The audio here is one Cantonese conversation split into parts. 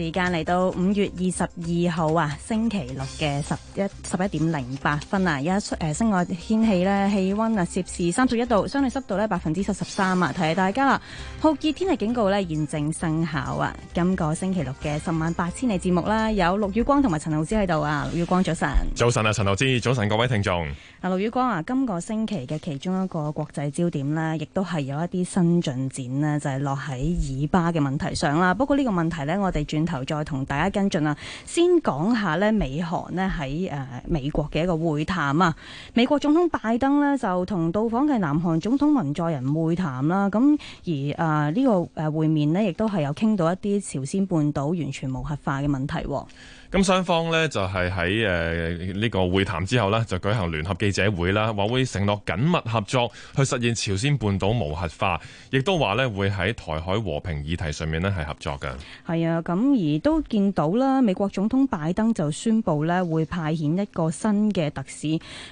時間嚟到五月二十二號啊，星期六嘅十一十一點零八分啊，有一出室外天氣呢，氣溫啊攝氏三十一度，相對濕度呢百分之七十三啊。提下大家啦，酷熱天氣警告呢現正生效啊。今個星期六嘅十萬八千里節目啦、啊，有陸宇光同埋陳老師喺度啊。陸宇光早晨，早晨啊，陳老師早晨，各位聽眾。啊，陸宇光啊，今個星期嘅其中一個國際焦點呢，亦都係有一啲新進展呢，就係、是、落喺以巴嘅問題上啦。不過呢個問題呢，我哋轉頭再同大家跟進啊。先講下咧美韓咧喺誒美國嘅一個會談啊，美國總統拜登呢，就同到訪嘅南韓總統文在寅會談啦，咁而誒呢個誒會面呢，亦都係有傾到一啲朝鮮半島完全無核化嘅問題。咁雙方呢，就係喺誒呢個會談之後呢，就舉行聯合記者會啦，話會承諾緊密合作去實現朝鮮半島無核化，亦都話呢，會喺台海和平議題上面呢係合作嘅。係啊，咁而都見到啦，美國總統拜登就宣布呢，會派遣一個新嘅特使，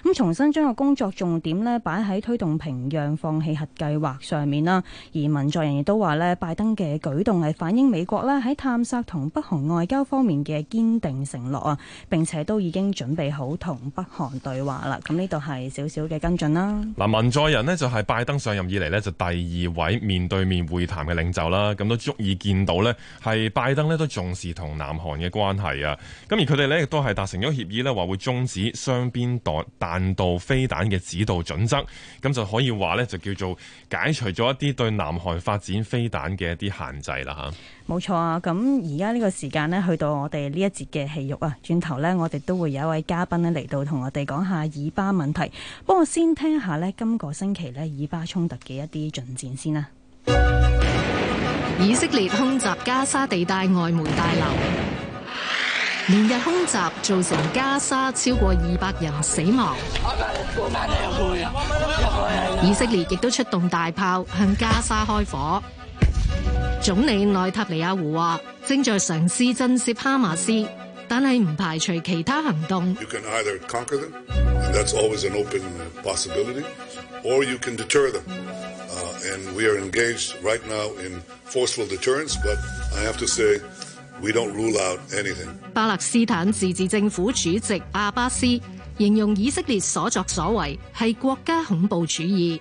咁重新將個工作重點呢擺喺推動平壤放棄核計劃上面啦。而文在寅亦都話呢，拜登嘅舉動係反映美國呢喺探索同北韓外交方面嘅堅定承諾啊！並且都已經準備好同北韓對話啦。咁呢度係少少嘅跟進啦。嗱，文在寅呢，就係拜登上任以嚟呢就第二位面對面會談嘅領袖啦。咁都足以見到呢係拜登呢都重視同南韓嘅關係啊。咁而佢哋呢，亦都係達成咗協議呢，話會中止雙邊導彈道飛彈嘅指導準則。咁就可以話呢就叫做解除咗一啲對南韓發展飛彈嘅一啲限制啦嚇。冇錯啊！咁而家呢個時間咧，去到我哋呢一節嘅戲肉啊，轉頭呢，我哋都會有一位嘉賓咧嚟，到同我哋講下以巴問題。不過先聽下呢，今個星期呢，以巴衝突嘅一啲進展先啦。以色列空襲加沙地帶外媒大樓，連日空襲造成加沙超過二百人死亡。 以色列亦都出動大炮向加沙開火。總理內塔尼亞胡話正在嘗試震懾哈馬斯，但係唔排除其他行動。You can either conquer them, and that's always an open possibility, or you can deter them. Uh, and we are engaged right now in forceful deterrence, but I have to say we don't rule out anything. 巴勒斯坦自治政府主席阿巴斯形容以色列所作所為係國家恐怖主義。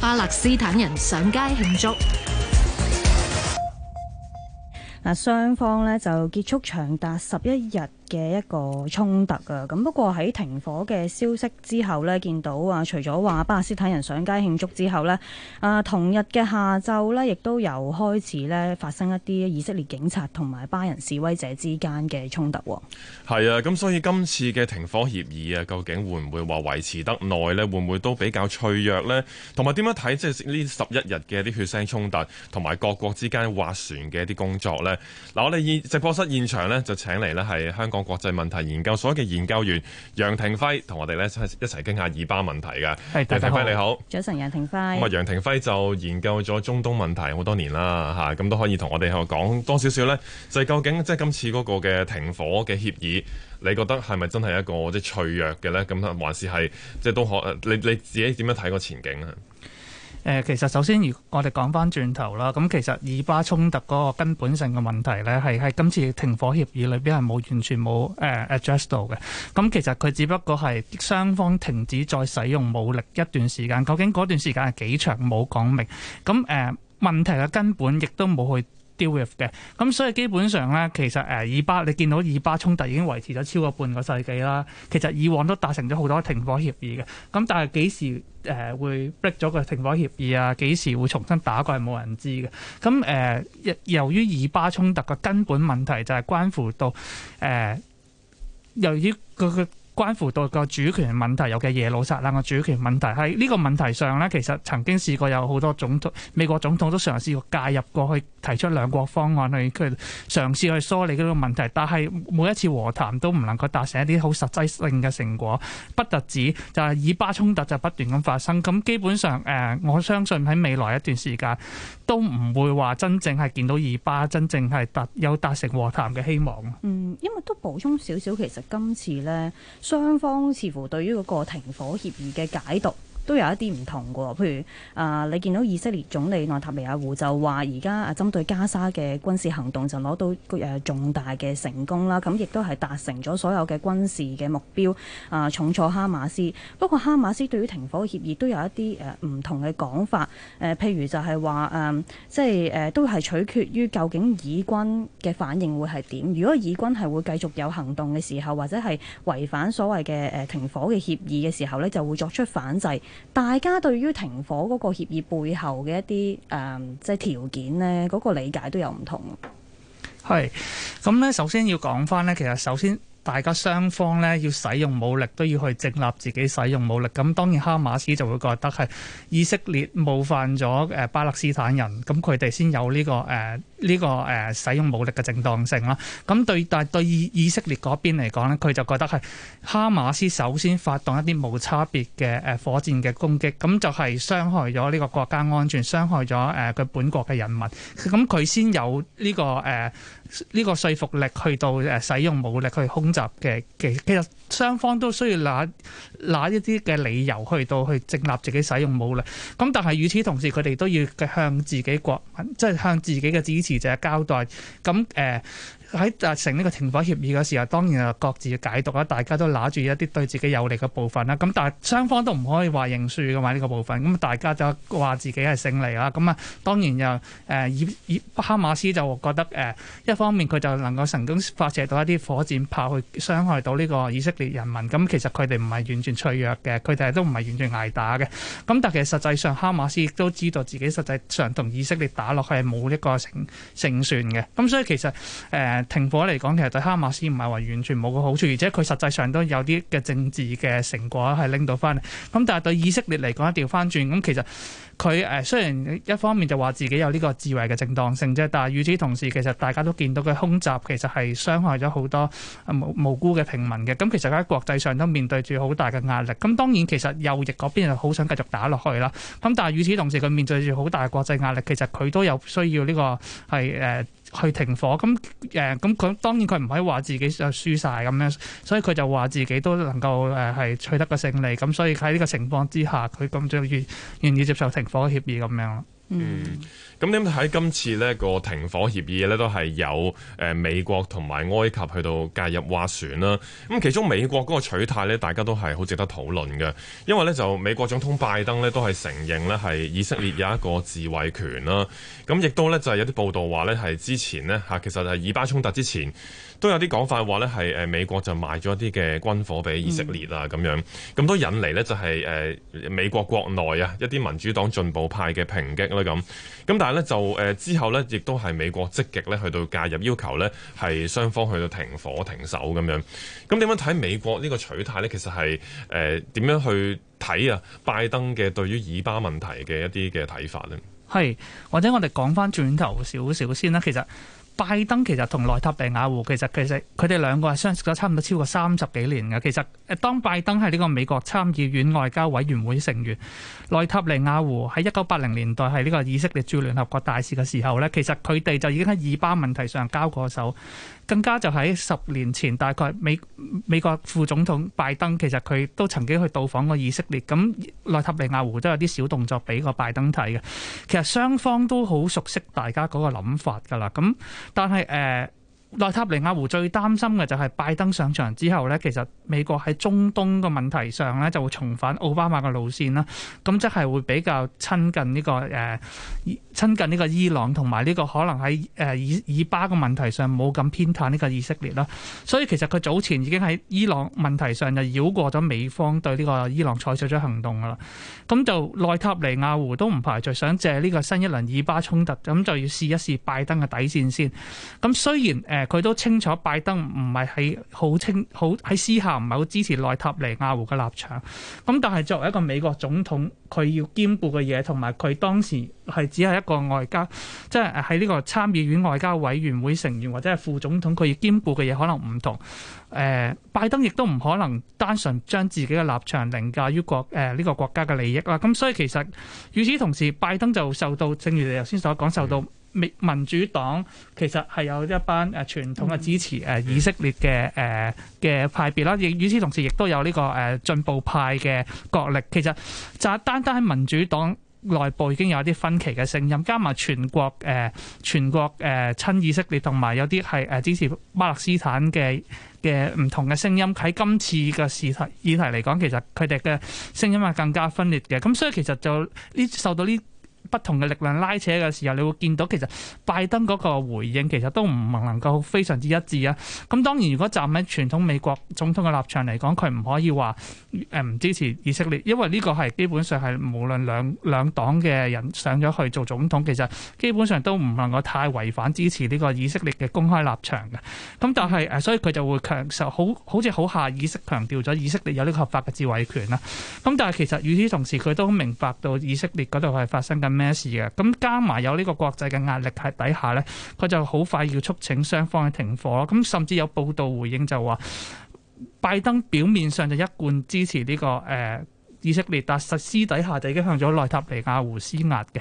巴勒斯坦人上街慶祝。嗱，雙方咧就結束長達十一日嘅一個衝突啊！咁不過喺停火嘅消息之後咧，見到啊，除咗話巴勒斯坦人上街慶祝之後咧，啊同日嘅下晝咧，亦都由開始咧發生一啲以色列警察同埋巴人示威者之間嘅衝突。係啊！咁所以今次嘅停火協議啊，究竟會唔會話維持得耐咧？會唔會都比較脆弱咧？同埋點樣睇？即係呢十一日嘅啲血腥衝突同埋各國之間斡旋嘅一啲工作咧？嗱，我哋喺直播室現場咧，就請嚟咧係香港。國際問題研究所嘅研究員楊庭輝同我哋咧一一齊傾下以巴問題嘅。楊庭輝你好，早晨楊庭輝。咁啊，楊庭輝就研究咗中東問題好多年啦，吓咁都可以同我哋去講多少少咧，就係究竟即係今次嗰個嘅停火嘅協議，你覺得係咪真係一個即係脆弱嘅咧？咁還是係即係都可？你你自己點樣睇個前景啊？誒，其實首先，如我哋講翻轉頭啦，咁其實以巴衝突嗰個根本性嘅問題咧，係喺今次停火協議裏邊係冇完全冇誒 address 到嘅。咁其實佢只不過係雙方停止再使用武力一段時間，究竟嗰段時間係幾長冇講明。咁誒，問題嘅根本亦都冇去。deal with 嘅、嗯，咁所以基本上咧，其實誒，以、呃、巴你見到以巴衝突已經維持咗超過半個世紀啦。其實以往都達成咗好多停火協議嘅，咁但係幾時誒會 break 咗個停火協議啊？幾時會重新打過係冇人知嘅。咁、嗯、誒、呃，由於以巴衝突嘅根本問題就係關乎到誒、呃，由於、嗰個關乎到個主權問題，尤其耶路撒冷個主權問題，喺呢個問題上呢，其實曾經試過有好多總統、美國總統都嘗試過介入過去，提出兩國方案去佢嘗試去梳理呢個問題，但係每一次和談都唔能夠達成一啲好實際性嘅成果，不特止就係以巴衝突就不斷咁發生。咁基本上誒，我相信喺未來一段時間都唔會話真正係見到以巴真正係達有達成和談嘅希望。嗯，因為都補充少少少，其實今次呢。雙方似乎對於嗰個停火協議嘅解讀，都有一啲唔同嘅，譬如啊、呃，你見到以色列總理內塔尼亞胡就話，而家啊針對加沙嘅軍事行動就攞到個、呃、重大嘅成功啦，咁亦都係達成咗所有嘅軍事嘅目標啊、呃，重挫哈馬斯。不過哈馬斯對於停火協議都有一啲誒唔同嘅講法，誒、呃、譬如就係話誒，即係誒、呃、都係取決於究竟以軍嘅反應會係點。如果以軍係會繼續有行動嘅時候，或者係違反所謂嘅誒、呃、停火嘅協議嘅時候呢就會作出反制。大家對於停火嗰個協議背後嘅一啲誒、嗯、即係條件呢，嗰、那個理解都有唔同。係咁呢，首先要講返呢，其實首先大家雙方呢，要使用武力都要去直立自己使用武力。咁當然哈馬斯就會覺得係以色列冒犯咗誒巴勒斯坦人，咁佢哋先有呢、這個誒。呃呢、這個誒、呃、使用武力嘅正當性啦，咁對，但對以以色列嗰邊嚟講咧，佢就覺得係哈馬斯首先發動一啲冇差別嘅誒、呃、火箭嘅攻擊，咁就係傷害咗呢個國家安全，傷害咗誒佢本國嘅人民，咁佢先有呢、這個誒呢、呃這個說服力去到誒使用武力去空襲嘅。嘅其實雙方都需要拿拿一啲嘅理由去到去正立自己使用武力。咁但係與此同時佢哋都要向自己國民即係向自己嘅支就係交代咁誒。喺達成呢個停火協議嘅時候，當然又各自嘅解讀啦。大家都揦住一啲對自己有利嘅部分啦。咁但係雙方都唔可以話認輸㗎嘛呢個部分。咁大家就話自己係勝利啦。咁啊，當然又誒、呃、以以哈馬斯就覺得誒、呃、一方面佢就能夠成功發射到一啲火箭炮去傷害到呢個以色列人民。咁其實佢哋唔係完全脆弱嘅，佢哋都唔係完全捱打嘅。咁但係實,實際上哈馬斯亦都知道自己實際上同以色列打落去係冇一個勝勝算嘅。咁、嗯、所以其實誒。呃停火嚟講，其實對哈馬斯唔係話完全冇個好處，而且佢實際上都有啲嘅政治嘅成果係拎到翻嚟。咁但係對以色列嚟講，調翻轉咁，其實佢誒雖然一方面就話自己有呢個自衞嘅正當性啫，但係與此同時，其實大家都見到佢空襲其實係傷害咗好多無無辜嘅平民嘅。咁其實喺國際上都面對住好大嘅壓力。咁當然其實右翼嗰邊就好想繼續打落去啦。咁但係與此同時，佢面對住好大國際壓力，其實佢都有需要呢、呢個係誒。去停火咁誒，咁佢當然佢唔可以話自己就輸晒。咁樣，所以佢就話自己都能夠誒係取得個勝利，咁所以喺呢個情況之下，佢咁就願意接受停火協議咁樣咯。嗯，咁點睇今次呢個停火協議呢，都係有誒美國同埋埃及去到介入斡旋啦、啊。咁、嗯、其中美國嗰個取態呢，大家都係好值得討論嘅，因為呢，就美國總統拜登呢，都係承認呢係以色列有一個自衛權啦、啊。咁、嗯、亦都呢，就係、是、有啲報道話呢，係之前呢，嚇，其實係以巴衝突之前。都有啲講法話咧，係誒美國就賣咗一啲嘅軍火俾以色列啊，咁、嗯、樣咁都引嚟咧，就係誒美國國內啊一啲民主黨進步派嘅抨擊啦，咁咁但係咧就誒之後咧，亦都係美國積極咧去到介入，要求咧係雙方去到停火停手咁樣。咁點樣睇美國呢個取態咧？其實係誒點樣去睇啊？拜登嘅對於以巴問題嘅一啲嘅睇法咧，係或者我哋講返轉頭少少先啦，其實。拜登其實同內塔尼亞胡其實其實佢哋兩個係相識咗差唔多超過三十幾年嘅。其實誒當拜登係呢個美國參議院外交委員會成員，內塔尼亞胡喺一九八零年代係呢個以色列駐聯合國大使嘅時候呢，其實佢哋就已經喺以巴問題上交過手。更加就喺十年前，大概美美國副總統拜登其實佢都曾經去到訪過以色列，咁內塔尼亞胡都有啲小動作俾個拜登睇嘅。其實雙方都好熟悉大家嗰個諗法噶啦，咁但係誒。呃內塔尼亞胡最擔心嘅就係拜登上場之後咧，其實美國喺中東嘅問題上咧就會重返奧巴馬嘅路線啦，咁即係會比較親近呢、呢個誒、呃，親近呢個伊朗同埋呢個可能喺誒以以巴嘅問題上冇咁偏袒呢個以色列啦。所以其實佢早前已經喺伊朗問題上就繞過咗美方對呢個伊朗採取咗行動噶啦。咁就內塔尼亞胡都唔排除想借呢個新一輪以巴衝突，咁就要試一試拜登嘅底線先。咁雖然誒。呃佢都清楚拜登唔係喺好清好喺私下唔係好支持內塔尼亞胡嘅立場，咁但係作為一個美國總統，佢要兼顧嘅嘢，同埋佢當時係只係一個外交，即係喺呢個參議院外交委員會成員或者係副總統佢要兼顧嘅嘢可能唔同。誒、呃，拜登亦都唔可能單純將自己嘅立場凌駕於國誒呢個國家嘅利益啦。咁、啊、所以其實與此同時，拜登就受到正如你頭先所講受到。未民主黨其實係有一班誒傳統嘅支持誒以色列嘅誒嘅派別啦，亦與此同時，亦都有呢個誒進步派嘅角力。其實就係單單喺民主黨內部已經有啲分歧嘅聲音，加埋全國誒全國誒親以色列同埋有啲係誒支持巴勒斯坦嘅嘅唔同嘅聲音，喺今次嘅事題議題嚟講，其實佢哋嘅聲音係更加分裂嘅。咁所以其實就呢受到呢不同嘅力量拉扯嘅時候，你會見到其實拜登嗰個回應其實都唔能夠非常之一致啊。咁當然，如果站喺傳統美國總統嘅立場嚟講，佢唔可以話誒唔支持以色列，因為呢個係基本上係無論兩兩黨嘅人上咗去做總統其實基本上都唔能夠太違反支持呢個以色列嘅公開立場嘅。咁但係誒，所以佢就會強受好好似好下意識強調咗以色列有呢個合法嘅自衛權啦。咁但係其實與此同時佢都明白到以色列嗰度係發生緊咩。嘅咁加埋有呢個國際嘅壓力喺底下咧，佢就好快要促請雙方嘅停火咯。咁甚至有報道回應就話，拜登表面上就一貫支持呢、這個誒，呃以色列，但實私底下就已經向咗內塔尼亞胡施壓嘅。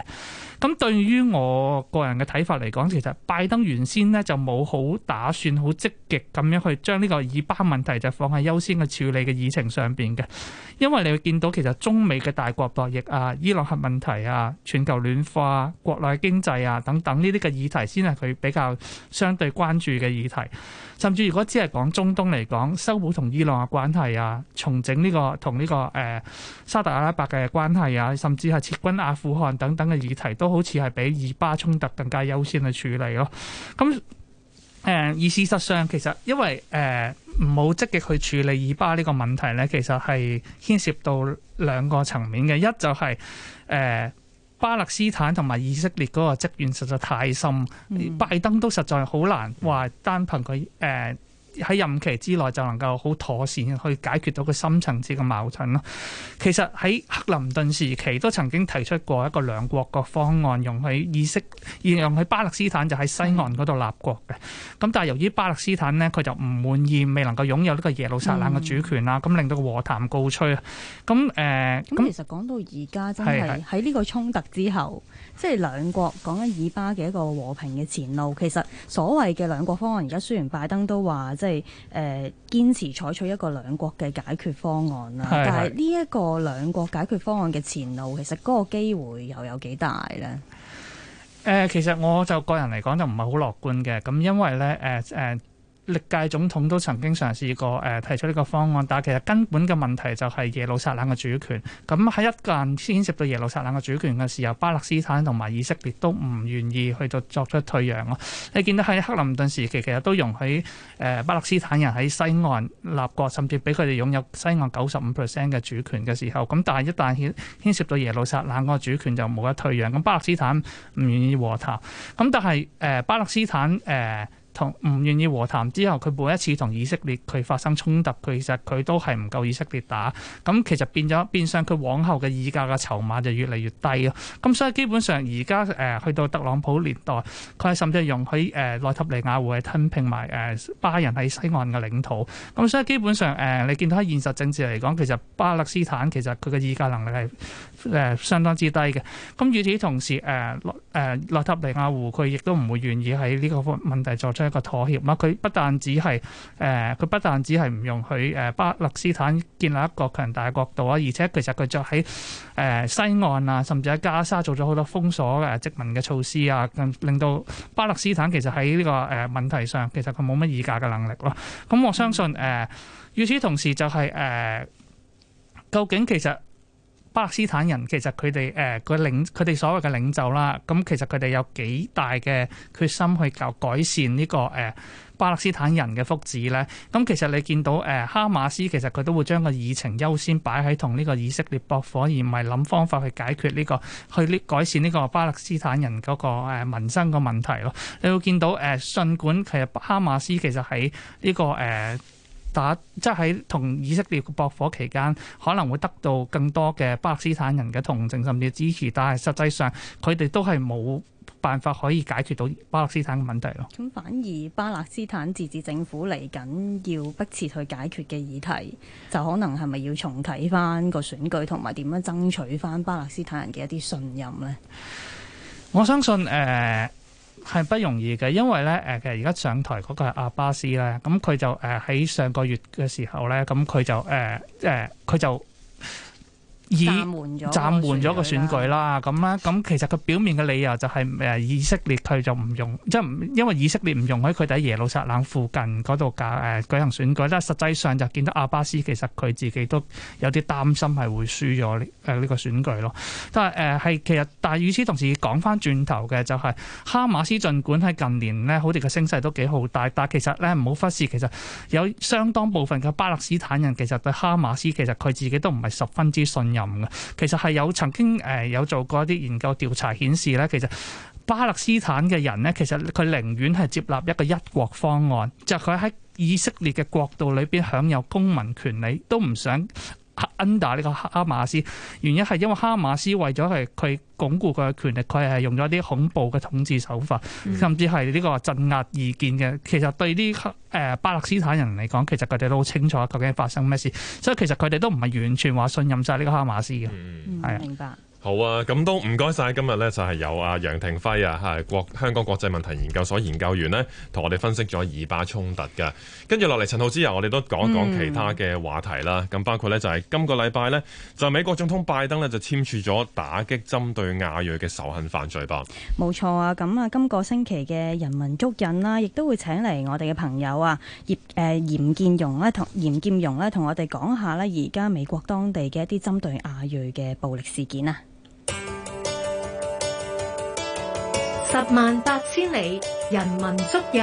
咁對於我個人嘅睇法嚟講，其實拜登原先咧就冇好打算好積極咁樣去將呢個以巴問題就放喺優先嘅處理嘅議程上邊嘅。因為你會見到其實中美嘅大國博弈啊、伊朗核問題啊、全球暖化、啊、國內經濟啊等等呢啲嘅議題，先係佢比較相對關注嘅議題。甚至如果只係講中東嚟講，修補同伊朗嘅關係啊，重整呢個同呢、這個誒、呃、沙特阿拉伯嘅關係啊，甚至係撤軍阿富汗等等嘅議題，都好似係比以巴衝突更加優先去處理咯。咁、嗯、誒，而、呃、事實上其實因為唔好積極去處理以巴呢個問題咧，其實係牽涉到兩個層面嘅，一就係、是、誒。呃巴勒斯坦同埋以色列嗰個積怨實在太深，嗯、拜登都實在好難話單憑佢誒。呃喺任期之內，就能夠好妥善去解決到個深層次嘅矛盾咯。其實，喺克林頓時期都曾經提出過一個兩國嘅方案，用喺以色列，用喺巴勒斯坦就喺西岸嗰度立國嘅。咁但係由於巴勒斯坦咧，佢就唔滿意未能夠擁有呢個耶路撒冷嘅主權啦，咁令到個和談告吹。啊。咁誒，咁其實講到而家真係喺呢個衝突之後，即係兩國講緊以巴嘅一個和平嘅前路，其實所謂嘅兩國方案，而家雖然拜登都話。即係誒堅持採取一個兩國嘅解決方案啦，但係呢一個兩國解決方案嘅前路，其實嗰個機會又有幾大呢？誒、呃，其實我就個人嚟講就唔係好樂觀嘅，咁因為呢。誒、呃、誒。呃歷屆總統都曾經嘗試過誒、呃、提出呢個方案，但係其實根本嘅問題就係耶路撒冷嘅主權。咁喺一旦牽涉到耶路撒冷嘅主權嘅時候，巴勒斯坦同埋以色列都唔願意去到作出退讓咯。你見到喺克林頓時期，其實都容許誒、呃、巴勒斯坦人喺西岸立國，甚至俾佢哋擁有西岸九十五 percent 嘅主權嘅時候，咁但係一旦牽，牽涉到耶路撒冷個主權就冇得退讓。咁巴勒斯坦唔願意和談，咁但係誒、呃、巴勒斯坦誒。呃呃同唔願意和談之後，佢每一次同以色列佢發生衝突，佢其實佢都係唔夠以色列打。咁其實變咗變相佢往後嘅議價嘅籌碼就越嚟越低咯。咁所以基本上而家誒去到特朗普年代，佢係甚至容許誒內塔尼亞胡去吞併埋誒、呃、巴人喺西岸嘅領土。咁所以基本上誒、呃、你見到喺現實政治嚟講，其實巴勒斯坦其實佢嘅議價能力係誒、呃、相當之低嘅。咁與此同時誒誒、呃呃、內塔尼亞胡佢亦都唔會願意喺呢個方問題作出一個妥協嘛，佢不但只係誒，佢、呃、不但只係唔容許誒巴勒斯坦建立一個強大嘅國度啊，而且其實佢就喺誒西岸啊，甚至喺加沙做咗好多封鎖誒殖民嘅措施啊，令令到巴勒斯坦其實喺呢、這個誒、呃、問題上，其實佢冇乜議價嘅能力咯。咁我相信誒，與、呃、此同時就係、是、誒、呃，究竟其實。巴勒斯坦人其實佢哋誒個領佢哋所謂嘅領袖啦，咁其實佢哋有幾大嘅決心去搞改善呢、這個誒、呃、巴勒斯坦人嘅福祉咧？咁其實你見到誒、呃、哈馬斯其實佢都會將個議程優先擺喺同呢個以色列駁火，而唔係諗方法去解決呢、這個去呢改善呢個巴勒斯坦人嗰、那個、呃、民生個問題咯。你會見到誒，儘、呃、管其實哈馬斯其實喺呢、這個誒。呃打即係同以色列嘅駁火期間，可能會得到更多嘅巴勒斯坦人嘅同情甚至支持，但係實際上佢哋都係冇辦法可以解決到巴勒斯坦嘅問題咯。咁反而巴勒斯坦自治政府嚟緊要迫切去解決嘅議題，就可能係咪要重啟翻個選舉同埋點樣爭取翻巴勒斯坦人嘅一啲信任咧？我相信誒。呃係不容易嘅，因為咧誒，其實而家上台嗰個阿巴斯咧，咁佢就誒喺、呃、上個月嘅時候咧，咁佢就誒誒，佢就。呃呃暫緩咗，暫緩咗個選舉啦。咁咧，咁其實佢表面嘅理由就係誒以色列佢就唔用，即係因為以色列唔容許喺佢哋喺耶路撒冷附近嗰度舉誒舉行選舉。但係實際上就見到阿巴斯其實佢自己都有啲擔心係會輸咗誒呢個選舉咯。但係誒係其實，但係與此同時講翻轉頭嘅就係、是、哈馬斯，儘管喺近年咧，好似個聲勢都幾好大，但係但其實咧唔好忽視，其實有相當部分嘅巴勒斯坦人其實對哈馬斯其實佢自己都唔係十分之信任嘅，其實係有曾經誒有做過一啲研究調查顯示咧，其實巴勒斯坦嘅人咧，其實佢寧願係接納一個一國方案，就係佢喺以色列嘅國度裏邊享有公民權利，都唔想。恩 n，呢個哈馬斯原因係因為哈馬斯為咗係佢鞏固佢嘅權力，佢係用咗啲恐怖嘅統治手法，甚至係呢個鎮壓意見嘅。其實對呢誒、呃、巴勒斯坦人嚟講，其實佢哋都好清楚究竟發生咩事，所以其實佢哋都唔係完全話信任晒呢個哈馬斯嘅，係啊。好啊！咁都唔該晒。今日呢，就係有阿楊庭輝啊，係國香港國際問題研究所研究員呢，同我哋分析咗以巴衝突嘅。跟住落嚟，陳浩之後，我哋都講一講其他嘅話題啦。咁、嗯、包括呢，就係今個禮拜呢，就美國總統拜登呢，就簽署咗打擊針對亞裔嘅仇恨犯罪法。冇錯啊！咁啊，今個星期嘅人文足印啦，亦都會請嚟我哋嘅朋友啊，葉誒、啊、嚴劍蓉呢、啊，同嚴劍蓉咧同我哋講下呢，而家美國當地嘅一啲針對亞裔嘅暴力事件啊。十萬八千里，人文足印。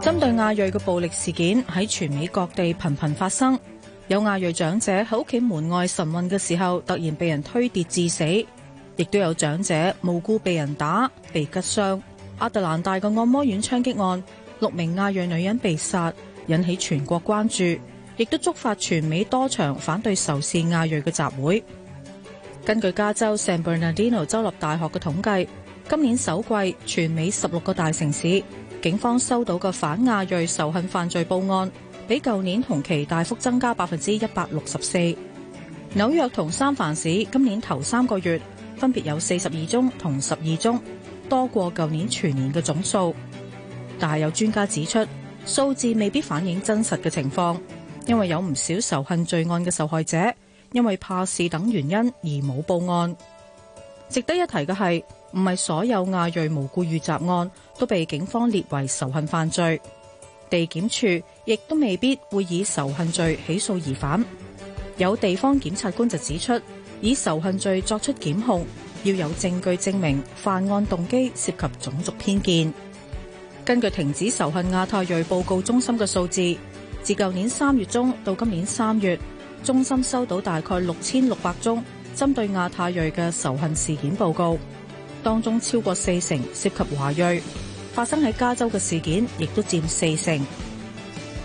針對亞裔嘅暴力事件喺全美各地頻頻發生，有亞裔長者喺屋企門外晨運嘅時候，突然被人推跌致死，亦都有長者無辜被人打、被吉傷。亞特蘭大嘅按摩院槍擊案，六名亞裔女人被殺，引起全國關注，亦都觸發全美多場反對仇視亞裔嘅集會。根據加州 San Bernardino 州立大學嘅統計。今年首季，全美十六個大城市警方收到嘅反亞裔仇恨犯罪報案，比舊年同期大幅增加百分之一百六十四。紐約同三藩市今年頭三個月分別有四十二宗同十二宗，多過舊年全年嘅總數。但係有專家指出，數字未必反映真實嘅情況，因為有唔少仇恨罪案嘅受害者因為怕事等原因而冇報案。值得一提嘅係。唔係所有亞裔無故遇襲案都被警方列為仇恨犯罪，地檢署亦都未必會以仇恨罪起訴疑犯。有地方檢察官就指出，以仇恨罪作出檢控要有證據證明犯案動機涉及種族偏見。根據停止仇恨亞太裔報告中心嘅數字，自舊年三月中到今年三月，中心收到大概六千六百宗針對亞太裔嘅仇恨事件報告。當中超過四成涉及華裔，發生喺加州嘅事件亦都佔四成。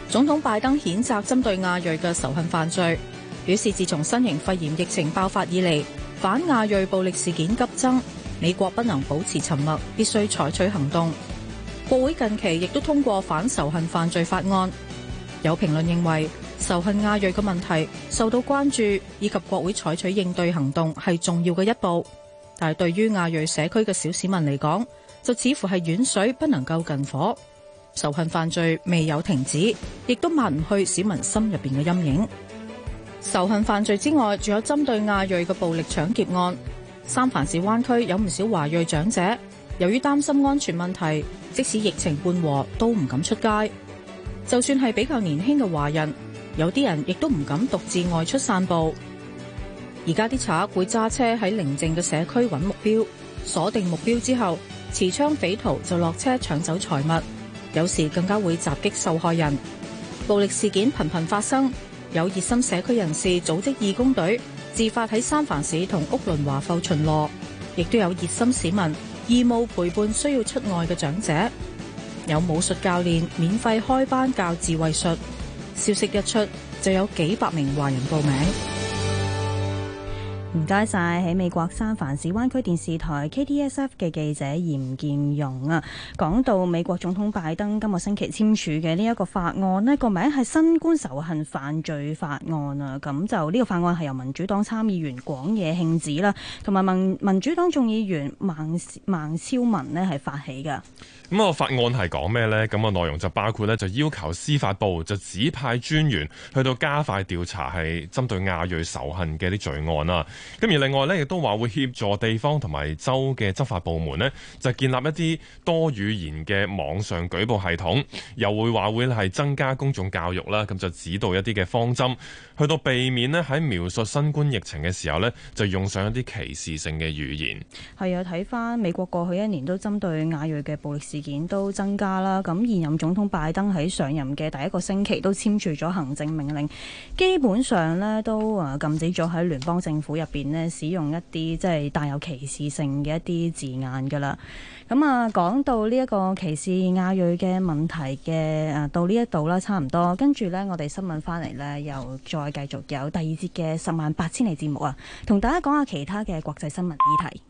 總統拜登譴責針對亞裔嘅仇恨犯罪，表示自從新型肺炎疫情爆發以嚟，反亞裔暴力事件急增，美國不能保持沉默，必須採取行動。國會近期亦都通過反仇恨犯罪法案。有評論認為，仇恨亞裔嘅問題受到關注，以及國會採取應對行動係重要嘅一步。但係對於亞裔社區嘅小市民嚟講，就似乎係遠水不能夠近火，仇恨犯罪未有停止，亦都抹唔去市民心入邊嘅陰影。仇恨犯罪之外，仲有針對亞裔嘅暴力搶劫案。三藩市灣區有唔少華裔長者，由於擔心安全問題，即使疫情緩和，都唔敢出街。就算係比較年輕嘅華人，有啲人亦都唔敢獨自外出散步。而家啲賊會揸車喺寧靜嘅社區揾目標，鎖定目標之後，持槍匪徒就落車搶走財物，有時更加會襲擊受害人。暴力事件頻頻發生，有熱心社區人士組織義工隊，自發喺三藩市同屋崙華埠巡邏，亦都有熱心市民義務陪伴需要出外嘅長者，有武術教練免費開班教自衛術。消息一出，就有幾百名華人報名。唔該晒，喺美國三藩市灣區電視台 KTSF 嘅記者嚴劍蓉啊，講到美國總統拜登今個星期簽署嘅呢一個法案呢個名係《新冠仇恨犯罪法案》啊，咁就呢個法案係由民主黨參議員廣野慶子啦，同埋民民主黨眾議員孟孟超文呢係發起噶。咁個法案係講咩呢？咁個內容就包括呢，就要求司法部就指派專員去到加快調查係針對亞裔仇恨嘅啲罪案啦。咁而另外呢，亦都話會協助地方同埋州嘅執法部門呢，就建立一啲多語言嘅網上舉報系統，又會話會係增加公眾教育啦。咁就指導一啲嘅方針，去到避免呢喺描述新冠疫情嘅時候呢，就用上一啲歧視性嘅語言。係啊，睇翻美國過去一年都針對亞裔嘅暴力事件。件都增加啦，咁現任總統拜登喺上任嘅第一個星期都簽署咗行政命令，基本上咧都啊禁止咗喺聯邦政府入邊咧使用一啲即係帶有歧視性嘅一啲字眼噶啦。咁啊講到呢一個歧視亞裔嘅問題嘅誒、啊、到呢一度啦差唔多，跟住咧我哋新聞翻嚟咧又再繼續有第二節嘅十萬八千里節目啊，同大家講下其他嘅國際新聞議題。